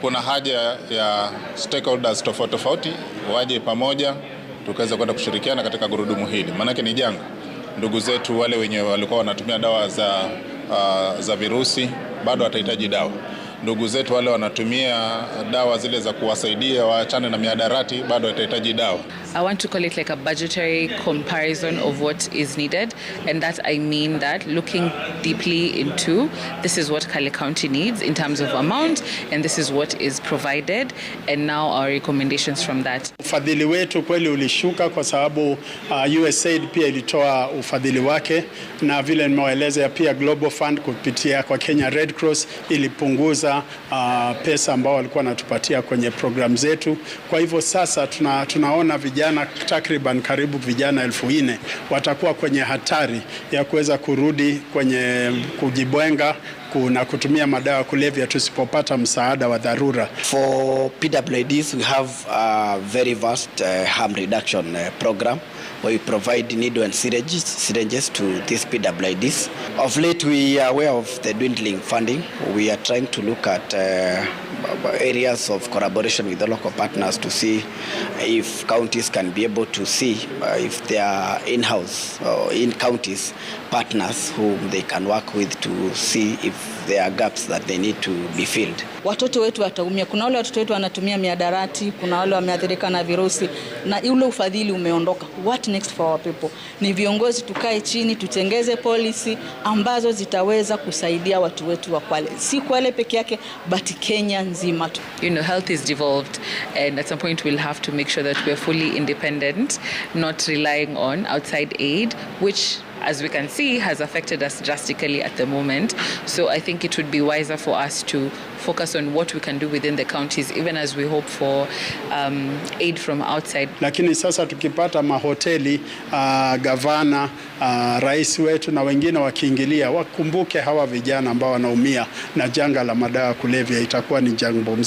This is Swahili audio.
Kuna haja ya stakeholders tofauti tofauti waje pamoja tukaweza kwenda kushirikiana katika gurudumu hili, maanake ni janga. Ndugu zetu wale wenye walikuwa wanatumia dawa za, uh, za virusi bado watahitaji dawa ndugu zetu wale wanatumia dawa zile za kuwasaidia waachane na miadarati bado watahitaji dawa. I want to call it like a budgetary comparison of what is needed and that I mean that looking deeply into this is what Kale County needs in terms of amount and this is what is provided and now our recommendations from that. Ufadhili wetu kweli ulishuka kwa sababu uh, USAID pia ilitoa ufadhili wake na vile nimewaeleza pia Global Fund kupitia kwa Kenya Red Cross ilipunguza kuongeza uh, pesa ambao walikuwa wanatupatia kwenye programu zetu. Kwa hivyo sasa tuna, tunaona vijana takriban karibu vijana elfu nne watakuwa kwenye hatari ya kuweza kurudi kwenye kujibwenga na kutumia madawa kulevya tusipopata msaada wa dharura. For PWDs we have a very vast uh, harm reduction uh, program where we provide needle and syringes, syringes to these PWDs. Of late we are aware of the dwindling funding. We are trying to look at uh, areas of collaboration with the local partners to see if counties can be able to see uh, if they are in-house or in counties partners whom they can work with to see if there are gaps that they need to be filled. Watoto wetu wataumia. Kuna wale watoto wetu wanatumia miadarati, kuna wale wameathirika na virusi, na ule ufadhili umeondoka. What next for our people? Ni viongozi tukae chini, tutengeze policy ambazo zitaweza kusaidia watu wetu wa Kwale, si Kwale peke yake, but Kenya nzima tu. You know, health is devolved and at some point we'll have to make sure that we're fully independent, not relying on outside aid which as we can see, has affected us drastically at the moment. So I think it would be wiser for us to focus on what we can do within the counties, even as we hope for um, aid from outside. Lakini sasa tukipata mahoteli uh, gavana uh, rais wetu na wengine wakiingilia, wakumbuke hawa vijana ambao wanaumia na janga la madawa kulevya, itakuwa ni jambo mzuri.